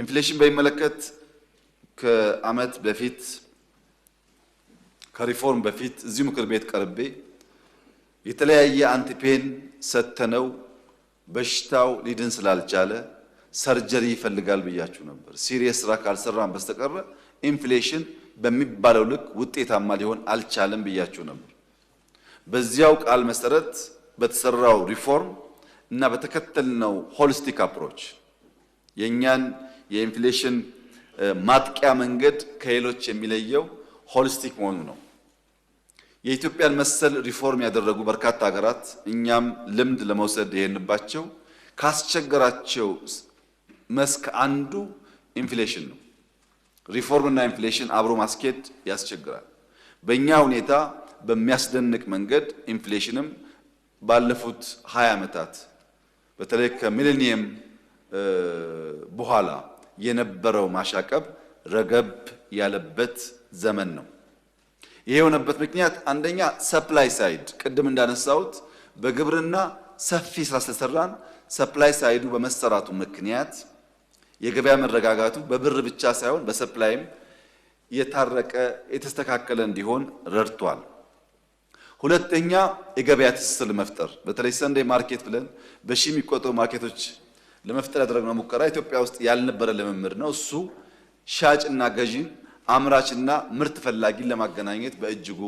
ኢንፍሌሽን በሚመለከት ከአመት በፊት ከሪፎርም በፊት እዚሁ ምክር ቤት ቀርቤ የተለያየ አንቲፔን ሰተነው በሽታው ሊድን ስላልቻለ ሰርጀሪ ይፈልጋል ብያችሁ ነበር። ሲሪየስ ስራ ካልሰራን በስተቀረ ኢንፍሌሽን በሚባለው ልክ ውጤታማ ሊሆን አልቻለም ብያችሁ ነበር። በዚያው ቃል መሰረት በተሰራው ሪፎርም እና በተከተልነው ሆሊስቲክ አፕሮች የእኛን የኢንፍሌሽን ማጥቂያ መንገድ ከሌሎች የሚለየው ሆሊስቲክ መሆኑ ነው። የኢትዮጵያን መሰል ሪፎርም ያደረጉ በርካታ ሀገራት እኛም ልምድ ለመውሰድ የሄንባቸው ካስቸገራቸው መስክ አንዱ ኢንፍሌሽን ነው። ሪፎርም እና ኢንፍሌሽን አብሮ ማስኬድ ያስቸግራል። በእኛ ሁኔታ በሚያስደንቅ መንገድ ኢንፍሌሽንም ባለፉት 20 ዓመታት በተለይ ከሚሌኒየም በኋላ የነበረው ማሻቀብ ረገብ ያለበት ዘመን ነው። ይህ የሆነበት ምክንያት አንደኛ ሰፕላይ ሳይድ ቅድም እንዳነሳሁት በግብርና ሰፊ ስራ ስለሰራን ሰፕላይ ሳይዱ በመሰራቱ ምክንያት የገበያ መረጋጋቱ በብር ብቻ ሳይሆን በሰፕላይም የታረቀ የተስተካከለ እንዲሆን ረድቷል። ሁለተኛ የገበያ ትስስር መፍጠር በተለይ ሰንዴ ማርኬት ብለን በሺ የሚቆጠሩ ማርኬቶች ለመፍጠር ያደረግነው ሙከራ ኢትዮጵያ ውስጥ ያልነበረ ልምምድ ነው። እሱ ሻጭና ገዢን፣ አምራችና ምርት ፈላጊን ለማገናኘት በእጅጉ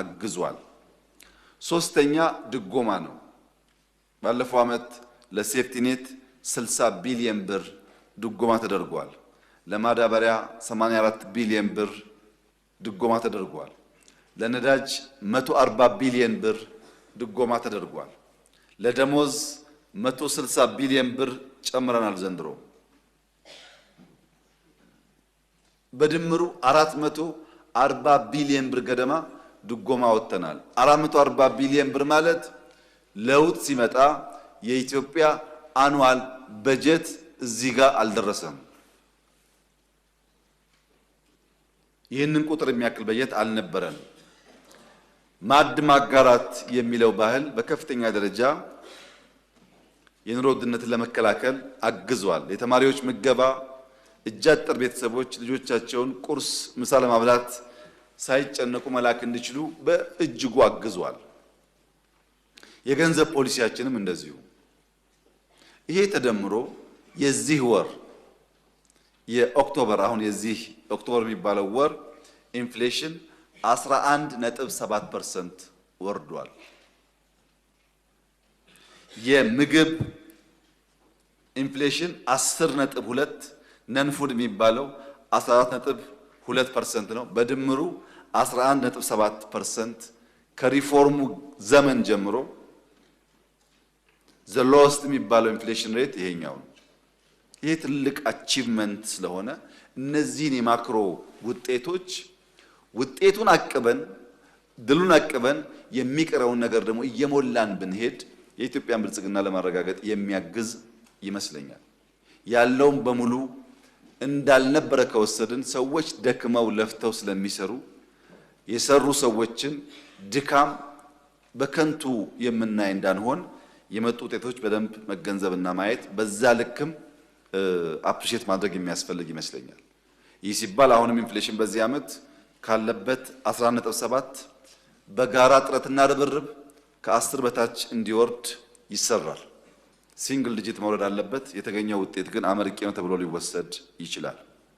አግዟል። ሶስተኛ ድጎማ ነው። ባለፈው ዓመት ለሴፍቲኔት 60 ቢሊየን ብር ድጎማ ተደርጓል። ለማዳበሪያ 84 ቢሊየን ብር ድጎማ ተደርጓል። ለነዳጅ 140 ቢሊየን ብር ድጎማ ተደርጓል። ለደሞዝ 160 ቢሊዮን ብር ጨምረናል ዘንድሮ። በድምሩ 440 ቢሊዮን ብር ገደማ ድጎማ ወጥተናል። 440 ቢሊዮን ብር ማለት ለውጥ ሲመጣ የኢትዮጵያ አኑዋል በጀት እዚህ ጋር አልደረሰም። ይህንን ቁጥር የሚያክል በጀት አልነበረን። ማዕድ ማጋራት የሚለው ባህል በከፍተኛ ደረጃ የኑሮ ውድነትን ለመከላከል አግዟል። የተማሪዎች ምገባ እጅ አጠር ቤተሰቦች ልጆቻቸውን ቁርስ፣ ምሳ ለማብላት ሳይጨነቁ መላክ እንዲችሉ በእጅጉ አግዟል። የገንዘብ ፖሊሲያችንም እንደዚሁ። ይሄ ተደምሮ የዚህ ወር የኦክቶበር አሁን የዚህ ኦክቶበር የሚባለው ወር ኢንፍሌሽን 11.7 ወርዷል። የምግብ ኢንፍሌሽን 10 ነጥብ 2 ነን ፉድ የሚባለው 14 ነጥብ 2 ፐርሰንት ነው። በድምሩ 11 ነጥብ 7 ፐርሰንት ከሪፎርሙ ዘመን ጀምሮ ዘሎስት የሚባለው ኢንፍሌሽን ሬት ይሄኛው ነው። ይሄ ትልቅ አቺቭመንት ስለሆነ እነዚህን የማክሮ ውጤቶች ውጤቱን አቅበን ድሉን አቅበን የሚቀረውን ነገር ደግሞ እየሞላን ብንሄድ የኢትዮጵያን ብልጽግና ለማረጋገጥ የሚያግዝ ይመስለኛል። ያለውም በሙሉ እንዳልነበረ ከወሰድን ሰዎች ደክመው ለፍተው ስለሚሰሩ የሰሩ ሰዎችን ድካም በከንቱ የምናይ እንዳንሆን የመጡ ውጤቶች በደንብ መገንዘብና ማየት በዛ ልክም አፕሪሼት ማድረግ የሚያስፈልግ ይመስለኛል። ይህ ሲባል አሁንም ኢንፍሌሽን በዚህ ዓመት ካለበት 17 በጋራ ጥረትና ርብርብ ከአስር በታች እንዲወርድ ይሰራል። ሲንግል ዲጂት መውረድ አለበት። የተገኘው ውጤት ግን አመርቂ ነው ተብሎ ሊወሰድ ይችላል።